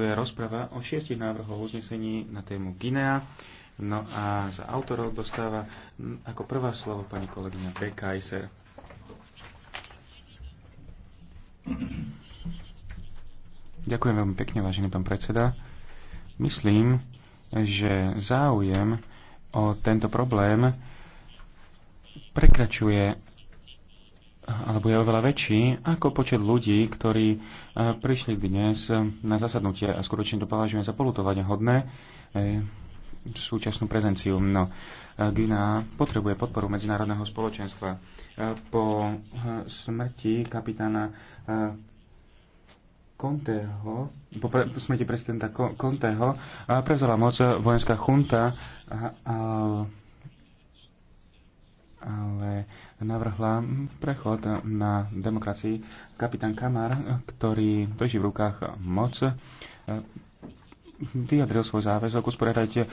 je rozprava o šiestich návrhoch uznesení na tému Guinea. No a za autorov dostáva ako prvá slovo pani kolegyňa B. Kaiser. Ďakujem veľmi pekne, vážený pán predseda. Myslím, že záujem o tento problém prekračuje alebo je oveľa väčší ako počet ľudí, ktorí e, prišli dnes e, na zasadnutie a skutočne to považujem za polutovanie hodné e, súčasnú prezenciu. No, Gina potrebuje podporu medzinárodného spoločenstva. Po smrti kapitána Conteho, po pre, smrti prezidenta Conteho, prevzala moc vojenská chunta a, a ale navrhla prechod na demokracii. Kapitán Kamar, ktorý drží v rukách moc, eh, vyjadril svoj záväzok usporiadať eh,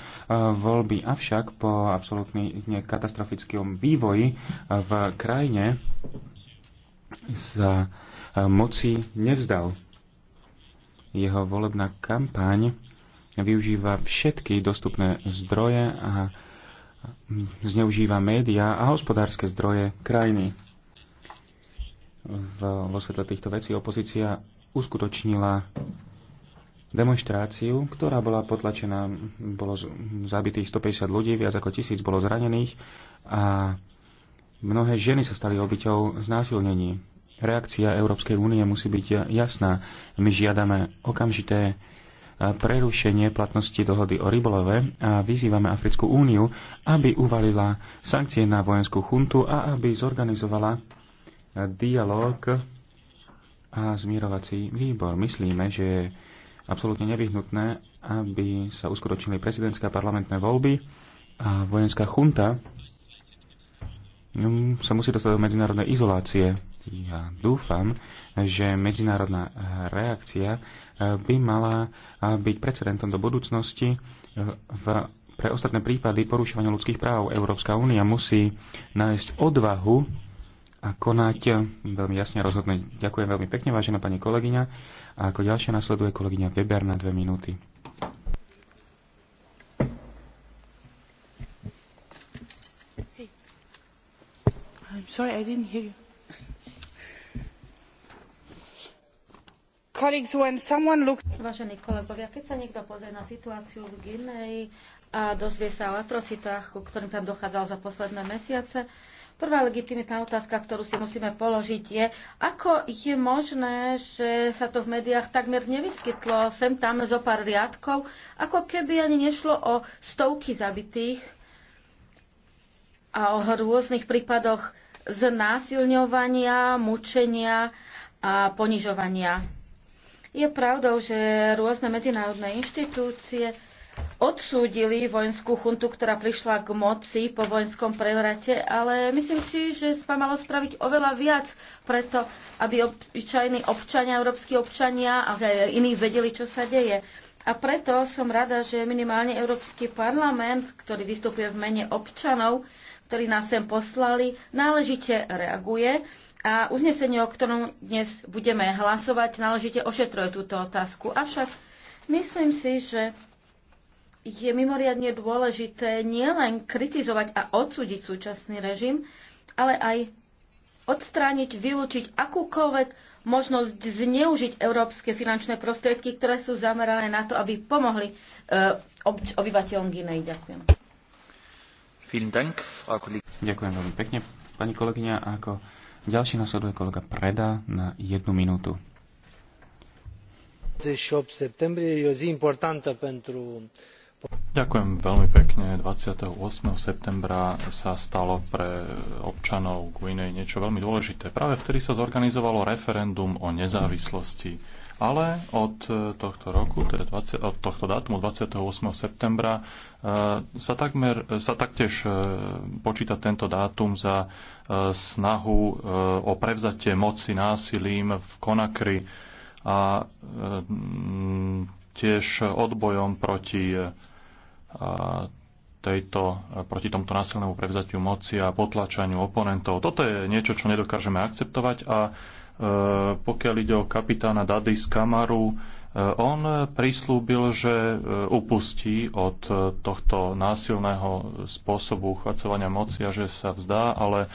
voľby, avšak po absolútne katastrofickom vývoji eh, v krajine sa moci nevzdal. Jeho volebná kampaň využíva všetky dostupné zdroje a zneužíva médiá a hospodárske zdroje krajiny. V, vo svetle týchto vecí opozícia uskutočnila demonstráciu, ktorá bola potlačená, bolo zabitých 150 ľudí, viac ako tisíc bolo zranených a mnohé ženy sa stali obyťou znásilnení. Reakcia Európskej únie musí byť jasná. My žiadame okamžité prerušenie platnosti dohody o rybolove a vyzývame Africkú úniu, aby uvalila sankcie na vojenskú chuntu a aby zorganizovala dialog a zmierovací výbor. Myslíme, že je absolútne nevyhnutné, aby sa uskutočnili prezidentské a parlamentné voľby a vojenská chunta hm, sa musí dostať do medzinárodnej izolácie. Ja dúfam, že medzinárodná reakcia eh, by mala eh, byť precedentom do budúcnosti eh, v pre ostatné prípady porušovania ľudských práv Európska únia musí nájsť odvahu a konať veľmi jasne a rozhodne. Ďakujem veľmi pekne, vážená pani kolegyňa. A ako ďalšia nasleduje kolegyňa Weber na dve minúty. Hey. I'm sorry, I didn't hear you. Vážení kolegovia, keď sa niekto pozrie na situáciu v Guinei a dozvie sa o atrocitách, ku ktorým tam dochádzalo za posledné mesiace, Prvá legitimitná otázka, ktorú si musíme položiť, je, ako je možné, že sa to v médiách takmer nevyskytlo sem tam zo pár riadkov, ako keby ani nešlo o stovky zabitých a o rôznych prípadoch znásilňovania, mučenia a ponižovania. Je pravdou, že rôzne medzinárodné inštitúcie odsúdili vojenskú chuntu, ktorá prišla k moci po vojenskom prevrate, ale myslím si, že sa malo spraviť oveľa viac preto, aby obyčajní občania, európsky občania a iní vedeli, čo sa deje. A preto som rada, že minimálne Európsky parlament, ktorý vystupuje v mene občanov, ktorí nás sem poslali, náležite reaguje a uznesenie, o ktorom dnes budeme hlasovať, náležite ošetruje túto otázku. Avšak myslím si, že je mimoriadne dôležité nielen kritizovať a odsúdiť súčasný režim, ale aj odstrániť, vylúčiť akúkoľvek možnosť zneužiť európske finančné prostriedky, ktoré sú zamerané na to, aby pomohli e, obyvateľom Ginej. Ďakujem. Ďakujem veľmi pekne, pani kolegyňa. Ako ďalší nasleduje kolega Preda na jednu minútu. 28 septembrie je zi importantă pentru Ďakujem veľmi pekne. 28. septembra sa stalo pre občanov Guinej niečo veľmi dôležité. Práve vtedy sa zorganizovalo referendum o nezávislosti ale od e, tohto roku, teda 20, od tohto dátumu 28. septembra e, sa, takmer, e, sa taktiež počíta tento dátum za snahu o prevzatie moci násilím v Konakry a tiež odbojom proti tejto, eh, proti tomto násilnému prevzatiu moci a potlačaniu oponentov. Toto je niečo, čo nedokážeme akceptovať a e, pokiaľ ide o kapitána Dady z Kamaru, Eh, on prislúbil, že eh, upustí od eh, tohto násilného spôsobu uchvacovania moci a že sa vzdá, ale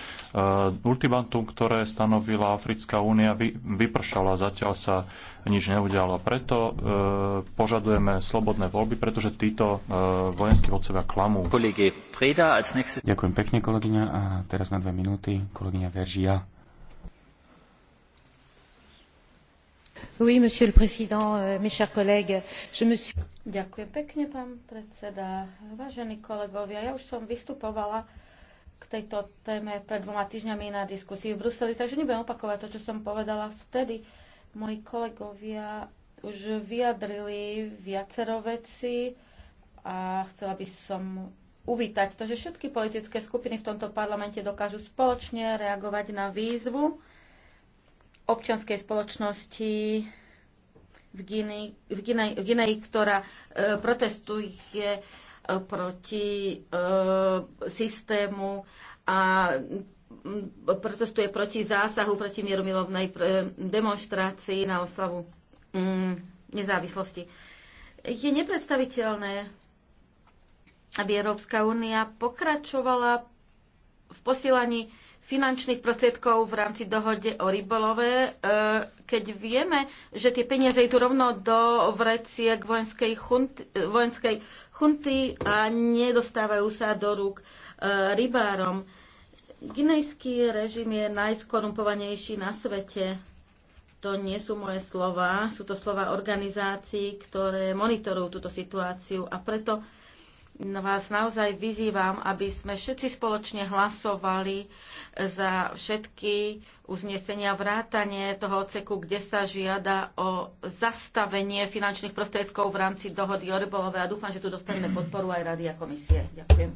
ultimantum, ktoré stanovila Africká únia, vypršala. Zatiaľ sa nič neudialo. Preto požadujeme slobodné voľby, pretože títo vojenskí vodcovia klamú. Ďakujem pekne, kolegyňa. A teraz na dve minúty kolegyňa Veržia. monsieur le président, euh, mes chers collègues, je me suis... Ďakujem pekne, pán predseda. Vážení kolegovia, ja už som vystupovala k tejto téme pred dvoma týždňami na diskusii v Bruseli, takže nebudem opakovať to, čo som povedala vtedy. Moji kolegovia už vyjadrili viacero veci a chcela by som uvítať to, že všetky politické skupiny v tomto parlamente dokážu spoločne reagovať na výzvu, občianskej spoločnosti v Gineji, v v ktorá e, protestuje e, proti e, systému a protestuje proti zásahu, proti mieromilovnej e, demonstrácii na oslavu mm, nezávislosti. Je nepredstaviteľné, aby Európska únia pokračovala v posielaní finančných prostriedkov v rámci dohode o rybolove, e, keď vieme, že tie peniaze idú rovno do vreciek vojenskej chunty, e, vojenskej chunty a nedostávajú sa do rúk e, rybárom. Ginejský režim je najskorumpovanejší na svete. To nie sú moje slova, sú to slova organizácií, ktoré monitorujú túto situáciu a preto vás naozaj vyzývam, aby sme všetci spoločne hlasovali za všetky uznesenia vrátanie toho oceku, kde sa žiada o zastavenie finančných prostriedkov v rámci dohody o rybolove a dúfam, že tu dostaneme podporu aj Rady a komisie. Ďakujem.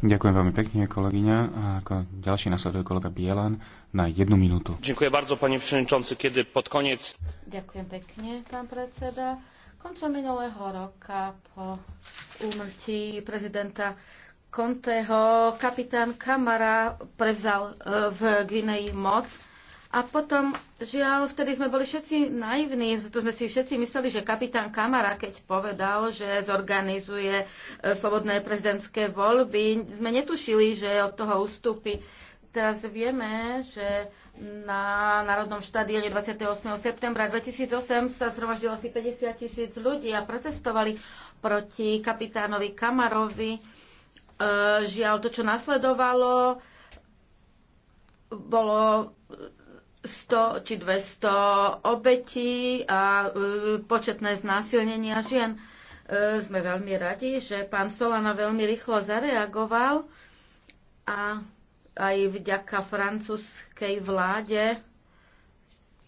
Ďakujem veľmi pekne, kolegyňa. A ako ďalší nasleduje kolega Bielan na jednu minútu. Ďakujem bardzo, pani przewodniczący, kiedy pod koniec... Ďakujem pekne, pán predseda Koncom minulého roka po úmrtí prezidenta Conteho kapitán Kamara prevzal e, v Gvineji moc a potom, žiaľ, vtedy sme boli všetci naivní, to sme si všetci mysleli, že kapitán Kamara, keď povedal, že zorganizuje e, slobodné prezidentské voľby, sme netušili, že od toho ustúpi. Teraz vieme, že na Národnom štadióne 28. septembra 2008 sa zhromaždilo asi 50 tisíc ľudí a protestovali proti kapitánovi Kamarovi. E, žiaľ, to, čo nasledovalo, bolo 100 či 200 obetí a e, početné znásilnenia žien. E, sme veľmi radi, že pán Solana veľmi rýchlo zareagoval a aj vďaka francúzskej vláde,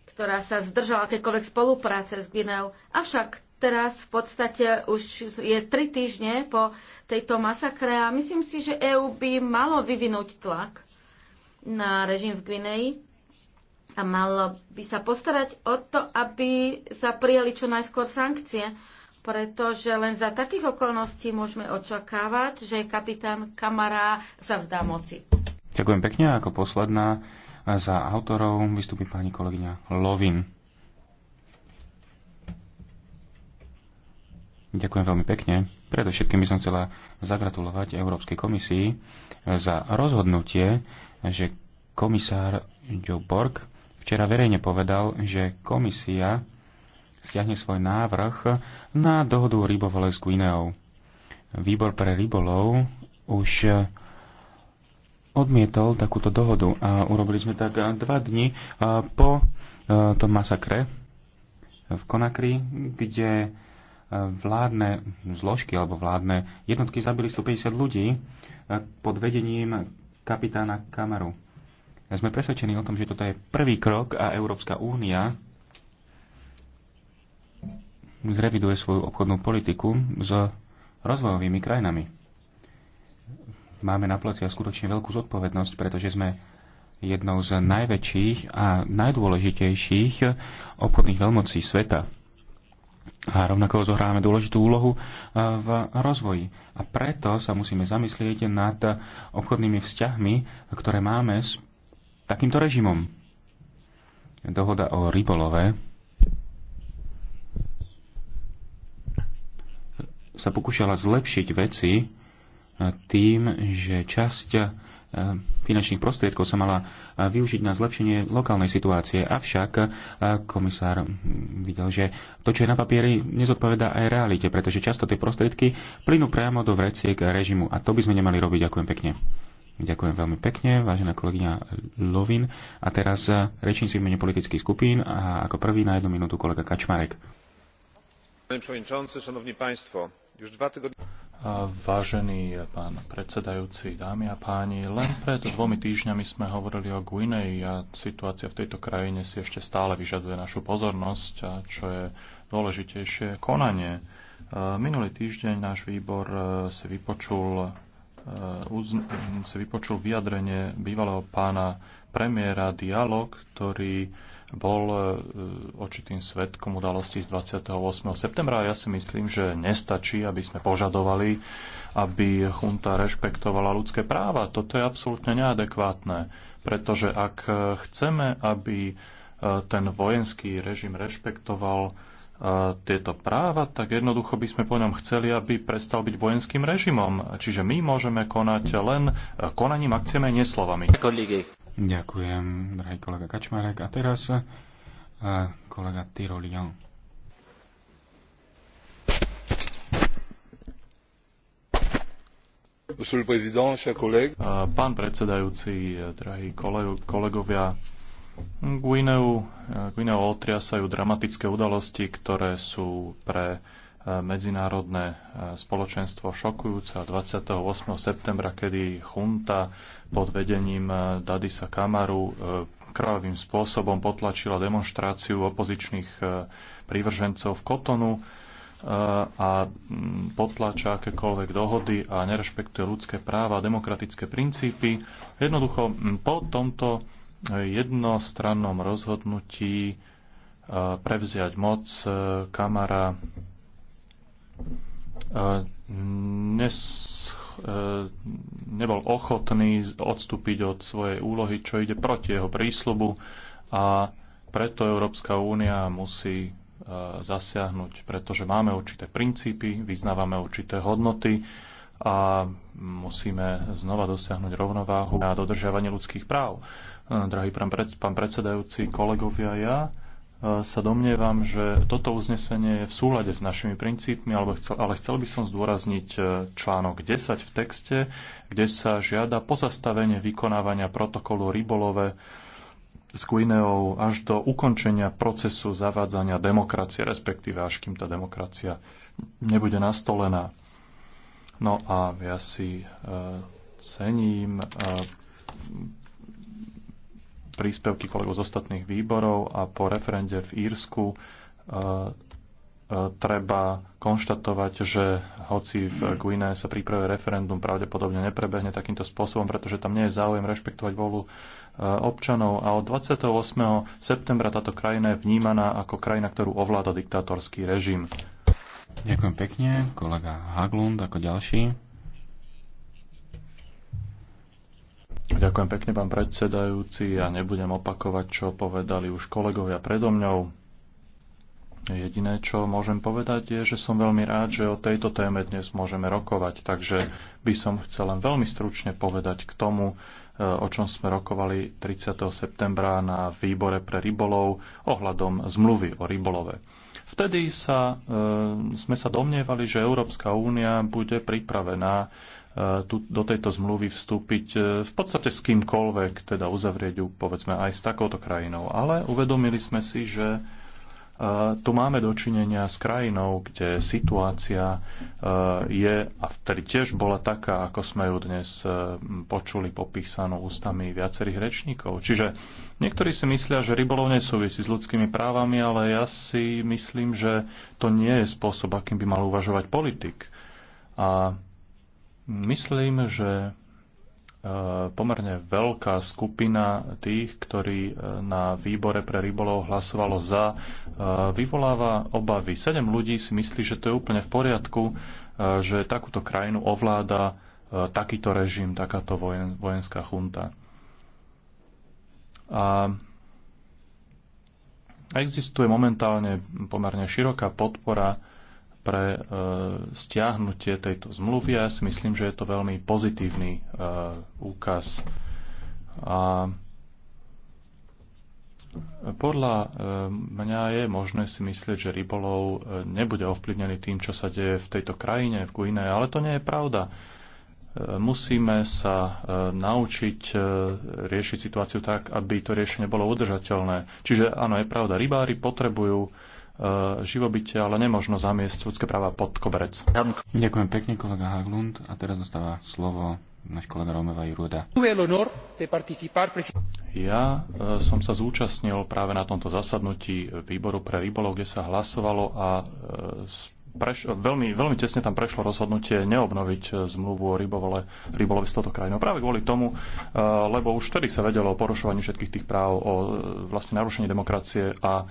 ktorá sa zdržala akékoľvek spolupráce s Gvineou. Avšak teraz v podstate už je tri týždne po tejto masakre a myslím si, že EÚ by malo vyvinúť tlak na režim v Gvineji a malo by sa postarať o to, aby sa prijali čo najskôr sankcie, pretože len za takých okolností môžeme očakávať, že kapitán Kamara sa vzdá moci. Ďakujem pekne. Ako posledná za autorov vystúpi pani kolegyňa Lovin. Ďakujem veľmi pekne. Predovšetkým by som chcela zagratulovať Európskej komisii za rozhodnutie, že komisár Joe Borg včera verejne povedal, že komisia stiahne svoj návrh na dohodu o rybovole s Guineou. Výbor pre rybolov už odmietol takúto dohodu a urobili sme tak dva dni po tom masakre v Konakry, kde vládne zložky alebo vládne jednotky zabili 150 ľudí pod vedením kapitána Kamaru. Sme presvedčení o tom, že toto je prvý krok a Európska únia zreviduje svoju obchodnú politiku s rozvojovými krajinami máme na pleciach skutočne veľkú zodpovednosť, pretože sme jednou z najväčších a najdôležitejších obchodných veľmocí sveta. A rovnako zohráme dôležitú úlohu e, v rozvoji. A preto sa musíme zamyslieť nad obchodnými vzťahmi, ktoré máme s takýmto režimom. Dohoda o rybolove sa pokúšala zlepšiť veci, tým, že časť eh, finančných prostriedkov sa mala eh, využiť na zlepšenie lokálnej situácie. Avšak eh, komisár hm, videl, že to, čo je na papieri, nezodpovedá aj realite, pretože často tie prostriedky plynú priamo do vreciek režimu a to by sme nemali robiť. Ďakujem pekne. Ďakujem veľmi pekne, vážená kolegyňa Lovin. A teraz rečníci v mene politických skupín a ako prvý na jednu minútu kolega Kačmarek. Panie przewodniczący, szanowni państwo, już dwa Vážený pán predsedajúci, dámy a páni, len pred dvomi týždňami sme hovorili o Guinei a situácia v tejto krajine si ešte stále vyžaduje našu pozornosť a čo je dôležitejšie, konanie. Minulý týždeň náš výbor e, si vypočul Eh, hm, si vypočul vyjadrenie bývalého pána premiéra Dialog, ktorý bol eh, očitým svetkom udalostí z 28. septembra. Ja si myslím, že nestačí, aby sme požadovali, aby junta rešpektovala ľudské práva. Toto je absolútne neadekvátne, pretože ak chceme, aby eh, ten vojenský režim rešpektoval tieto práva, tak jednoducho by sme po ňom chceli, aby prestal byť vojenským režimom. Čiže my môžeme konať len konaním, akciami, neslovami. Ďakujem, drahý kolega Kačmarek. A teraz eh, kolega Tyrolion. Eh, pán predsedajúci, eh, drahí kolegovia, Guineu, otriasajú dramatické udalosti, ktoré sú pre e, medzinárodné e, spoločenstvo šokujúce. 28. septembra, kedy chunta pod vedením e, Dadisa Kamaru krvavým spôsobom potlačila demonstráciu opozičných prívržencov v Kotonu a potlača akékoľvek dohody a nerešpektuje ľudské práva a demokratické princípy. Jednoducho po tomto jednostrannom rozhodnutí e, prevziať moc e, Kamara e, nebol ochotný odstúpiť od svojej úlohy, čo ide proti jeho prísľubu a preto Európska únia musí zasiahnuť, pretože máme určité princípy, vyznávame určité hodnoty a musíme znova dosiahnuť rovnováhu na dodržiavanie ľudských práv drahý pán predsedajúci, kolegovia, ja sa domnievam, že toto uznesenie je v súlade s našimi princípmi, ale chcel, ale chcel by som zdôrazniť e, článok 10 v texte, kde sa žiada pozastavenie vykonávania protokolu rybolove s Guineou až do ukončenia procesu zavádzania demokracie, respektíve až kým tá demokracia nebude nastolená. No a ja si e, cením e, príspevky kolegov z ostatných výborov a po referende v Írsku e, e, treba konštatovať, že hoci v Guine sa príprave referendum pravdepodobne neprebehne takýmto spôsobom, pretože tam nie je záujem rešpektovať volu e, občanov a od 28. septembra táto krajina je vnímaná ako krajina, ktorú ovláda diktátorský režim. Ďakujem pekne, kolega Haglund ako ďalší. Ďakujem pekne, pán predsedajúci. Ja nebudem opakovať, čo povedali už kolegovia predo mňou. Jediné, čo môžem povedať, je, že som veľmi rád, že o tejto téme dnes môžeme rokovať. Takže by som chcel len veľmi stručne povedať k tomu, e, o čom sme rokovali 30. septembra na výbore pre rybolov ohľadom zmluvy o rybolove. Vtedy sa, e, sme sa domnievali, že Európska únia bude pripravená Eh, tu, do tejto zmluvy vstúpiť eh, v podstate s kýmkoľvek, teda uzavrieť ju povedzme aj s takouto krajinou. Ale uvedomili sme si, že eh, tu máme dočinenia s krajinou, kde situácia je, a vtedy tiež bola taká, ako sme ju dnes počuli popísanú ústami viacerých rečníkov. Čiže niektorí si myslia, že rybolov nesúvisí s ľudskými právami, ale ja si myslím, že to nie je spôsob, akým by mal uvažovať politik. A Myslím, že e, pomerne veľká skupina tých, ktorí e, na výbore pre rybolov hlasovalo za, e, vyvoláva obavy. Sedem ľudí si myslí, že to je úplne v poriadku, že takúto krajinu ovláda takýto režim, takáto vojenská chunta. A existuje momentálne pomerne široká podpora pre e, stiahnutie tejto zmluvy. Ja si myslím, že je to veľmi pozitívny e, úkaz. A podľa e, mňa je možné si myslieť, že rybolov nebude ovplyvnený tým, čo sa deje v tejto krajine, v Guineji, ale to nie je pravda. Musíme sa naučiť riešiť situáciu tak, aby to riešenie bolo udržateľné. Čiže áno, je pravda, rybári potrebujú E, živobytia, ale nemožno zamiesť ľudské práva pod koberec. Ďakujem pekne, kolega Haglund. A teraz dostáva slovo náš kolega Romeva Jurúda. Ja e, som sa zúčastnil práve na tomto zasadnutí výboru pre rybolov, kde sa hlasovalo a e, preš- veľmi, veľmi tesne tam prešlo rozhodnutie neobnoviť zmluvu o rybovole, rybolovi s touto krajinou. Práve kvôli tomu, lebo už vtedy sa vedelo o porušovaní všetkých tých práv, o vlastne narušení demokracie a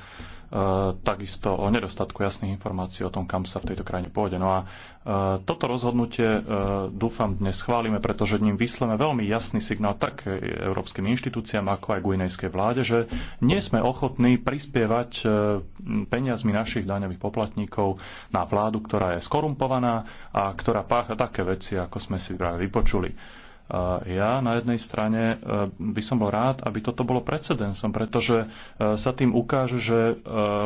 E, takisto o nedostatku jasných informácií o tom, kam sa v tejto krajine pôjde. No a e, toto rozhodnutie e, dúfam dnes schválime, pretože ním vysleme veľmi jasný signál tak európskym inštitúciám, ako aj guinejskej vláde, že nie sme ochotní prispievať peniazmi našich daňových poplatníkov na vládu, ktorá je skorumpovaná a ktorá pácha také veci, ako sme si práve vypočuli. Ja na jednej strane e, by som bol rád, aby toto bolo precedensom, pretože e, sa tým ukáže, že e,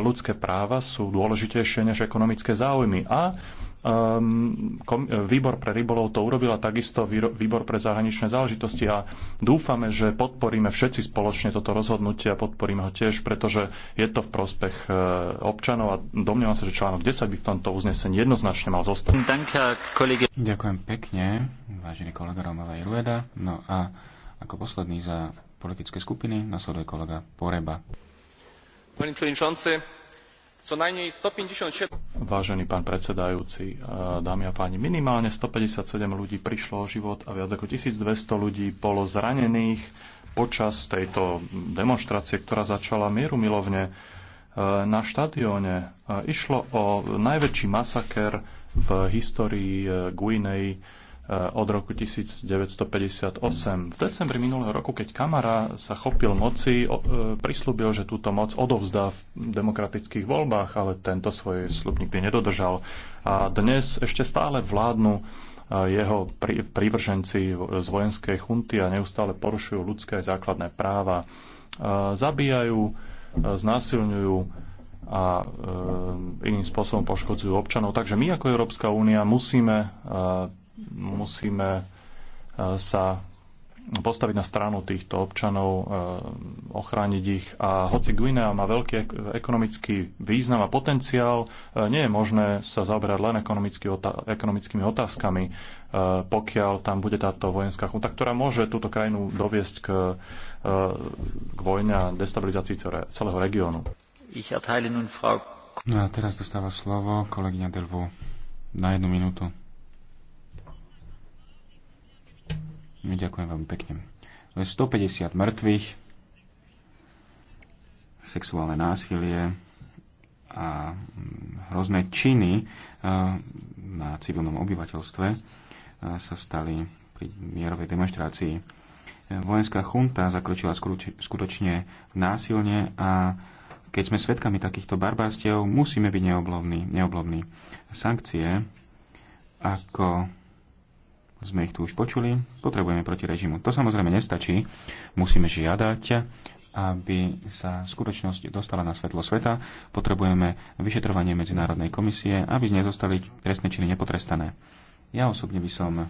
ľudské práva sú dôležitejšie než ekonomické záujmy. A Ehm, výbor pre rybolov to urobil a takisto výbor pre zahraničné záležitosti a dúfame, že podporíme všetci spoločne toto rozhodnutie a podporíme ho tiež, pretože je to v prospech e, občanov a domnievam sa, že článok 10 by v tomto uznesení jednoznačne mal zostať. Ďakujem pekne, vážený kolega Romela Irueda. No a ako posledný za politické skupiny nasleduje kolega Poreba co 157... Vážený pán predsedajúci, e, dámy a páni, minimálne 157 ľudí prišlo o život a viac ako 1200 ľudí bolo zranených počas tejto demonstrácie, ktorá začala mierumilovne e, na štadióne. E, išlo o najväčší masaker v histórii Guinei Eh, od roku 1958. V decembri minulého roku, keď Kamara sa chopil moci, eh, prislúbil, že túto moc odovzdá v demokratických voľbách, ale tento svoj slub nikdy nedodržal. A dnes ešte stále vládnu eh, jeho prívrženci z vojenskej chunty a neustále porušujú ľudské základné práva. Zabíjajú, znásilňujú a iným spôsobom poškodzujú občanov. Takže my ako Európska únia musíme musíme e, sa postaviť na stranu týchto občanov, e, ochrániť ich. A hoci Guinea má veľký ekonomický význam a potenciál, e, nie je možné sa zaoberať len ekonomicky, ekonomickými otázkami, pokiaľ tam bude táto vojenská chunta, ktorá môže túto krajinu doviesť k, k vojne a destabilizácii celého regiónu. No a teraz dostáva slovo kolegyňa Delvo na jednu minútu. Ďakujem veľmi pekne. 150 mŕtvych, sexuálne násilie a mm, hrozné činy e, na civilnom obyvateľstve e, sa stali pri mierovej demonstrácii. E, vojenská chunta zakročila skutočne násilne a keď sme svedkami takýchto barbárstiev, musíme byť neoblovní. Sankcie ako sme ich tu už počuli, potrebujeme proti režimu. To samozrejme nestačí, musíme žiadať, aby sa skutočnosť dostala na svetlo sveta, potrebujeme vyšetrovanie Medzinárodnej komisie, aby nezostali trestné činy nepotrestané. Ja osobne by som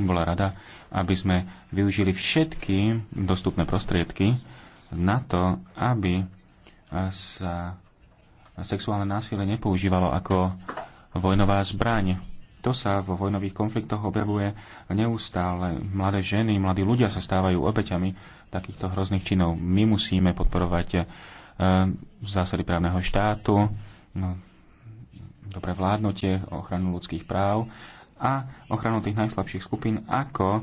bola rada, aby sme využili všetky dostupné prostriedky na to, aby sa sexuálne násilie nepoužívalo ako vojnová zbraň to sa vo vojnových konfliktoch objavuje neustále. Mladé ženy, mladí ľudia sa stávajú obeťami takýchto hrozných činov. My musíme podporovať e, zásady právneho štátu, no, dobré vládnutie, ochranu ľudských práv a ochranu tých najslabších skupín ako e,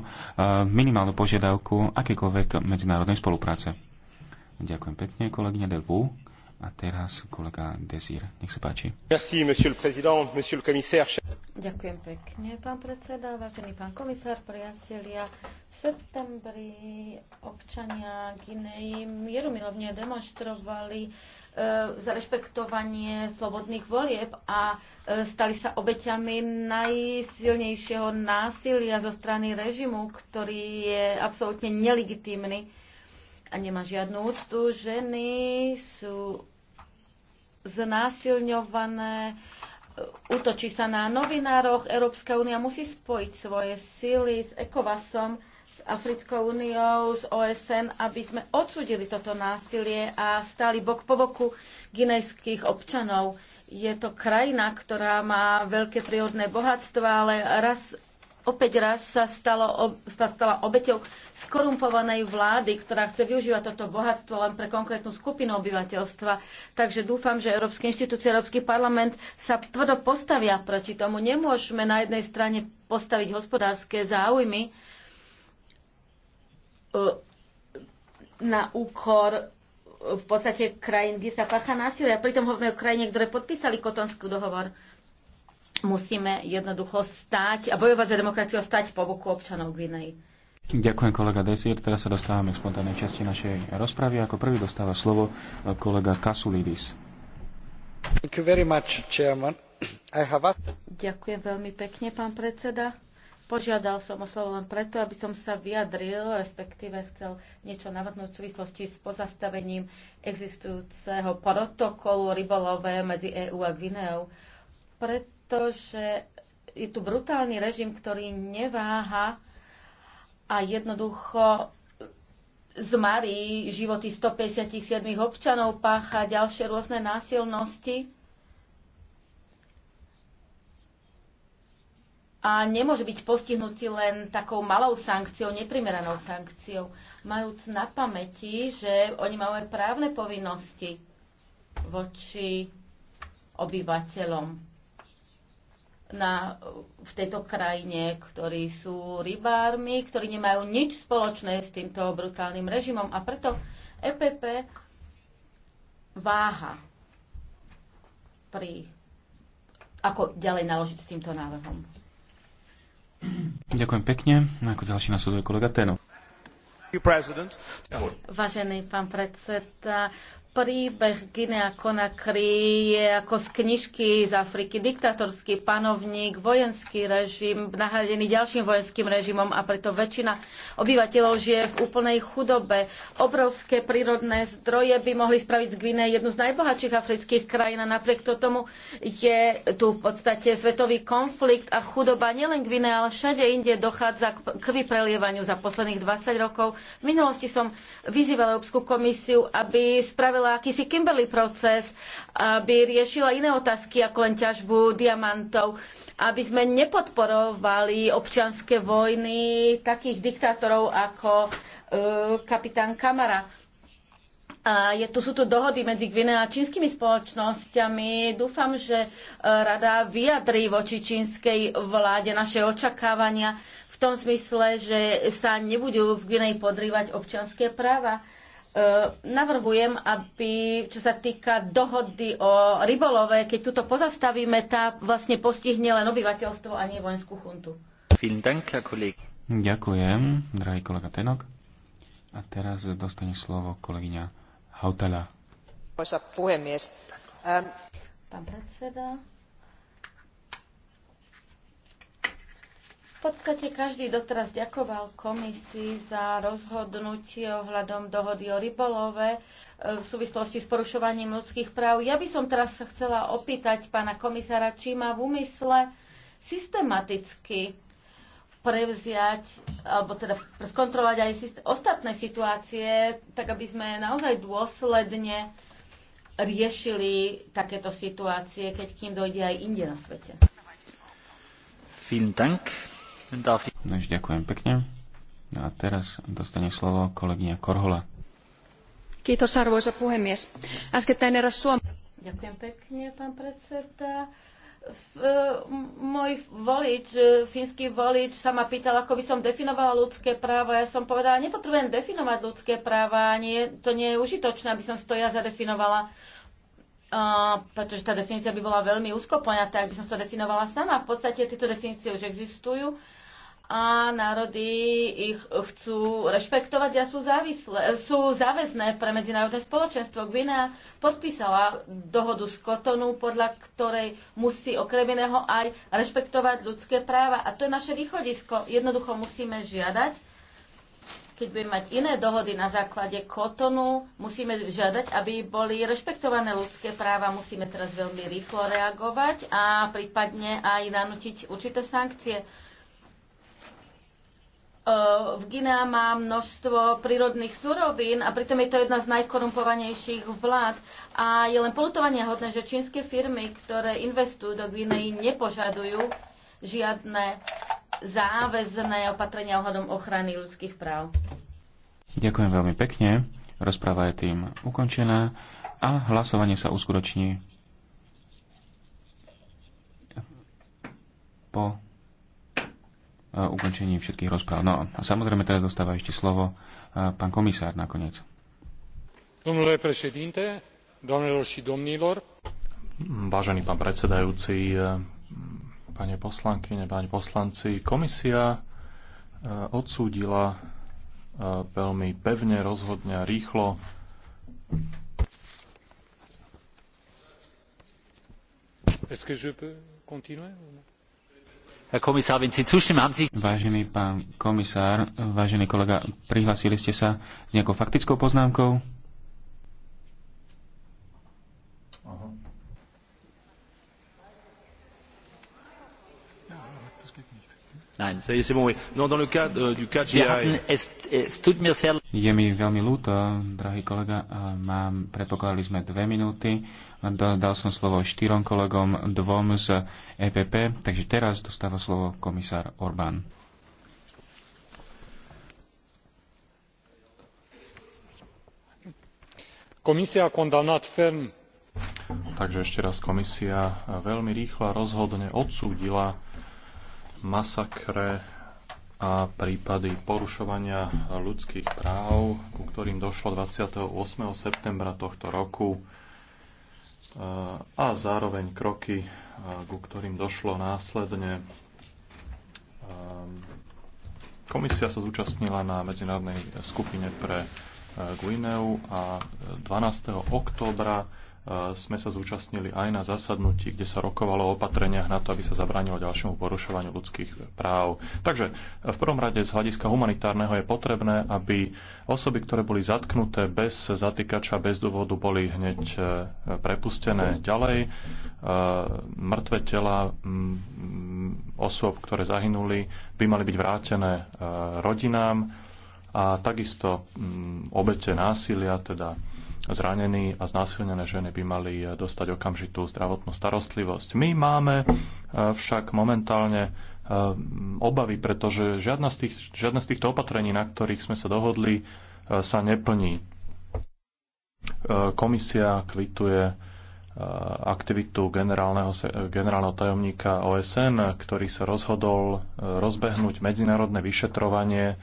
minimálnu požiadavku akékoľvek medzinárodnej spolupráce. Ďakujem pekne, kolegyňa Delvu. A teraz kolega Desir, nech sa páči. Merci, monsieur le président, monsieur le commissaire. Ďakujem pekne, pán predseda, vážený pán komisár, priatelia. V septembri občania Gineji mierumilovne demonstrovali za e, rešpektovanie slobodných volieb a e, stali sa obeťami najsilnejšieho násilia zo strany režimu, ktorý je absolútne nelegitímny a nemá žiadnu úctu. Ženy sú znásilňované, e, útočí sa na novinároch. Európska únia musí spojiť svoje síly s ECOWASom, s Africkou úniou, s OSN, aby sme odsudili toto násilie a stali bok po boku ginejských občanov. Je to krajina, ktorá má veľké prírodné bohatstva, ale raz opäť raz sa, stalo, sa stala obeťou skorumpovanej vlády, ktorá chce využívať toto bohatstvo len pre konkrétnu skupinu obyvateľstva. Takže dúfam, že Európske inštitúcie, Európsky parlament sa tvrdo postavia proti tomu. Nemôžeme na jednej strane postaviť hospodárske záujmy e, na úkor e, v podstate krajín, kde sa pácha násilie. A pritom hovoríme o krajine, ktoré podpísali kotonský dohovor musíme jednoducho stať a bojovať za demokraciu a stať po boku občanov Gvinej. Ďakujem kolega Desir. Teraz sa dostávame k spontánnej časti našej rozpravy. Ako prvý dostáva slovo eh, kolega Kasulidis. Much, have... Ďakujem veľmi pekne, pán predseda. Požiadal som o slovo len preto, aby som sa vyjadril, respektíve chcel niečo navrhnúť v súvislosti s pozastavením existujúceho protokolu rybolové medzi EÚ a Gvineou. Preto to, že je tu brutálny režim, ktorý neváha a jednoducho zmarí životy 157 občanov, pácha ďalšie rôzne násilnosti. A nemôže byť postihnutý len takou malou sankciou, neprimeranou sankciou, majúc na pamäti, že oni majú aj právne povinnosti voči obyvateľom na, v tejto krajine, ktorí sú rybármi, ktorí nemajú nič spoločné s týmto brutálnym režimom a preto EPP váha pri ako ďalej naložiť s týmto návrhom. Ďakujem pekne. Ako ďalší nasleduje kolega Teno. Vážený pán predseda, príbeh Guinea konakry je ako z knižky z Afriky. Diktatorský panovník, vojenský režim, nahradený ďalším vojenským režimom a preto väčšina obyvateľov žije v úplnej chudobe. Obrovské prírodné zdroje by mohli spraviť z Guinea jednu z najbohatších afrických krajín a napriek to tomu je tu v podstate svetový konflikt a chudoba nielen Guinea, ale všade inde dochádza k vyprelievaniu za posledných 20 rokov. V minulosti som vyzývala Európsku komisiu, aby spravila vytvorila akýsi Kimberley proces, aby riešila iné otázky ako len ťažbu diamantov, aby sme nepodporovali občianske vojny takých diktátorov ako e, kapitán Kamara. A je, tu sú tu dohody medzi Gvinea a čínskymi spoločnosťami. Dúfam, že e, rada vyjadrí voči čínskej vláde naše očakávania v tom smysle, že sa nebudú v Gvineji podrývať občianské práva. E, navrhujem, aby, čo sa týka dohody o rybolove, keď túto pozastavíme, tá vlastne postihne len obyvateľstvo a nie vojenskú chuntu. Ďakujem, drahý kolega Tenok. A teraz dostane slovo kolegyňa Hautala. Ähm, Pán predseda, V podstate každý doteraz ďakoval komisii za rozhodnutie ohľadom dohody o rybolove e, v súvislosti s porušovaním ľudských práv. Ja by som teraz sa chcela opýtať pána komisára, či má v úmysle systematicky prevziať, alebo teda skontrolovať aj ostatné situácie, tak aby sme naozaj dôsledne riešili takéto situácie, keď kým dojde aj inde na svete. Vielen Dank. Než ďakujem pekne. A teraz dostane slovo kolegyňa Korhola. Kiitos arvoisa puhemies. Äskettäin eräs Suom... Ďakujem pekne, pán predseda. môj volič, fínsky volič sa ma pýtal, ako by som definovala ľudské práva. Ja som povedala, nepotrebujem definovať ľudské práva, nie, to nie je užitočné, aby som si to ja zadefinovala. Uh, pretože tá definícia by bola veľmi úzko poňatá, ak by som to definovala sama. V podstate tieto definície už existujú. Uh, a národy ich chcú rešpektovať a sú, závislé, sú záväzné pre medzinárodné spoločenstvo. Gvinea podpísala dohodu z Kotonu, podľa ktorej musí okrem iného aj rešpektovať ľudské práva. A to je naše východisko. Jednoducho musíme žiadať, keď budeme mať iné dohody na základe Kotonu, musíme žiadať, aby boli rešpektované ľudské práva. Musíme teraz veľmi rýchlo reagovať a prípadne aj nanútiť určité sankcie v Gine má množstvo prírodných surovín a pritom je to jedna z najkorumpovanejších vlád. A je len polutovania hodné, že čínske firmy, ktoré investujú do Gvineji, nepožadujú žiadne záväzné opatrenia ohľadom ochrany ľudských práv. Ďakujem veľmi pekne. Rozpráva je tým ukončená a hlasovanie sa uskutoční po ukončení všetkých rozpráv. No a samozrejme teraz dostáva ešte slovo pán komisár nakoniec. Domnule președinte, domnilor și domnilor. Vážený pán predsedajúci, e, pani poslankyne, páni poslanci, komisia e, odsúdila e, veľmi pevne, rozhodne a rýchlo Est-ce que je peux continuer ou non Vážený pán komisár, vážený kolega, prihlasili ste sa s nejakou faktickou poznámkou? Aha. No, Nein. E. Je mi veľmi ľúto, drahý kolega, mám, predpokladali sme dve minúty, dal som slovo štyrom kolegom, dvom z EPP, takže teraz dostáva slovo komisár Orbán. Komisia ferm. Takže ešte raz komisia veľmi rýchlo a rozhodne odsúdila masakre a prípady porušovania ľudských práv, ku ktorým došlo 28. septembra tohto roku e, a zároveň kroky, e, ku ktorým došlo následne. E, komisia sa zúčastnila na medzinárodnej skupine pre Guineu a 12. októbra e, sme sa zúčastnili aj na zasadnutí, kde sa rokovalo o opatreniach na to, aby sa zabránilo ďalšiemu porušovaniu ľudských práv. Takže e, v prvom rade z hľadiska humanitárneho je potrebné, aby osoby, ktoré boli zatknuté bez zatýkača, bez dôvodu, boli hneď e, prepustené ďalej. Mŕtve tela osôb, ktoré zahynuli, by mali byť vrátené rodinám a takisto mm, obete násilia, teda zranení a znásilnené ženy by mali eh, dostať okamžitú zdravotnú starostlivosť. My máme eh, však momentálne eh, obavy, pretože žiadna z, tých, žiadna z týchto opatrení, na ktorých sme sa dohodli, sa neplní. Komisia kvituje aktivitu generálneho, generálneho tajomníka OSN, ktorý sa rozhodol rozbehnúť medzinárodné vyšetrovanie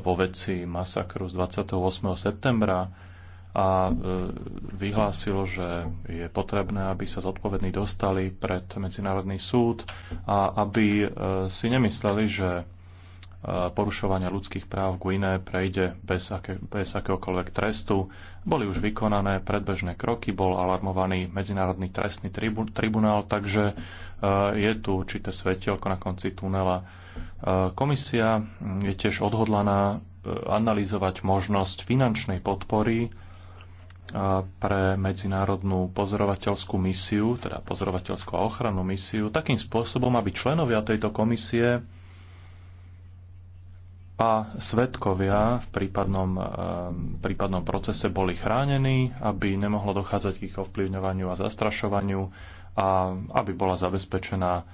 vo veci masakru z 28. septembra a e, vyhlásilo, že je potrebné, aby sa zodpovední dostali pred Medzinárodný súd a aby e, si nemysleli, že porušovania ľudských práv v Guine prejde bez, aké, bez akéhokoľvek trestu. Boli už vykonané predbežné kroky, bol alarmovaný Medzinárodný trestný tribunál, takže e, je tu určité svetielko na konci tunela. E, komisia je tiež odhodlaná e, analyzovať možnosť finančnej podpory pre medzinárodnú pozorovateľskú misiu, teda pozorovateľskú a ochrannú misiu, takým spôsobom, aby členovia tejto komisie a svetkovia v prípadnom, eh, prípadnom procese boli chránení, aby nemohlo dochádzať k ich ovplyvňovaniu a zastrašovaniu a aby bola zabezpečená eh,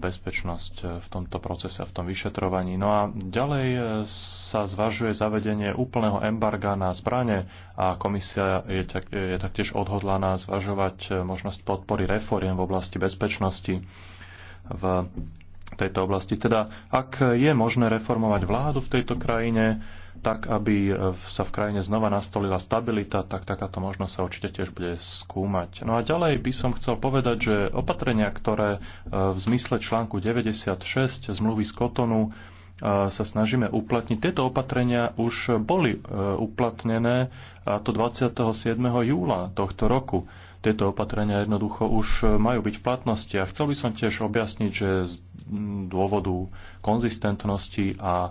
bezpečnosť eh, v tomto procese a v tom vyšetrovaní. No a ďalej sa zvažuje zavedenie úplného embarga na zbrane a komisia je, tak, je taktiež odhodlaná zvažovať možnosť podpory reforiem v oblasti bezpečnosti v tejto oblasti. Teda, ak je možné reformovať vládu v tejto krajine, tak, aby e, sa v krajine znova nastolila stabilita, tak takáto možnosť sa určite tiež bude skúmať. No a ďalej by som chcel povedať, že opatrenia, ktoré e, v zmysle článku 96 zmluvy z Kotonu e, sa snažíme uplatniť. Tieto opatrenia už boli uplatnené, a to 27. júla tohto roku tieto opatrenia jednoducho už e, majú byť v platnosti. A chcel by som tiež objasniť, že z dôvodu konzistentnosti a e,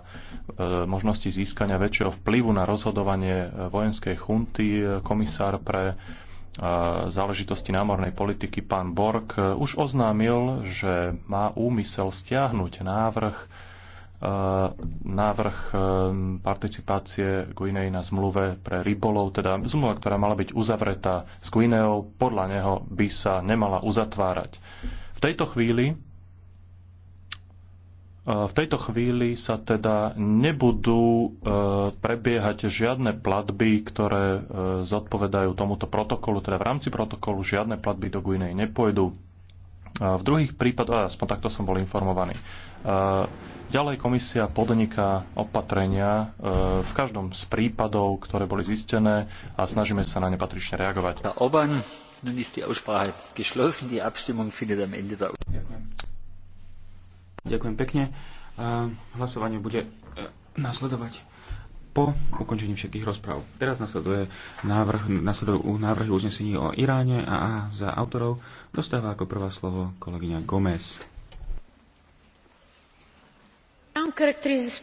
možnosti získania väčšieho vplyvu na rozhodovanie e, vojenskej chunty komisár pre záležitosti námornej politiky pán Bork už oznámil, že má úmysel stiahnuť návrh návrh eh, participácie Guinei na zmluve pre rybolov, teda zmluva, ktorá mala byť uzavretá s Guineou, podľa neho by sa nemala uzatvárať. V tejto chvíli eh, v tejto chvíli sa teda nebudú eh, prebiehať žiadne platby, ktoré zodpovedajú tomuto protokolu, teda v rámci protokolu žiadne platby do Guinei nepôjdu. V druhých prípadoch, aspoň takto som bol informovaný, Ďalej komisia podniká opatrenia e, v každom z prípadov, ktoré boli zistené a snažíme sa na ne patrične reagovať. Ďakujem pekne. E, hlasovanie bude e, nasledovať po ukončení všetkých rozpráv. Teraz nasleduje návrh, nasledujú návrhy uznesení o Iráne a za autorov dostáva ako prvá slovo kolegyňa Gomez caracterizes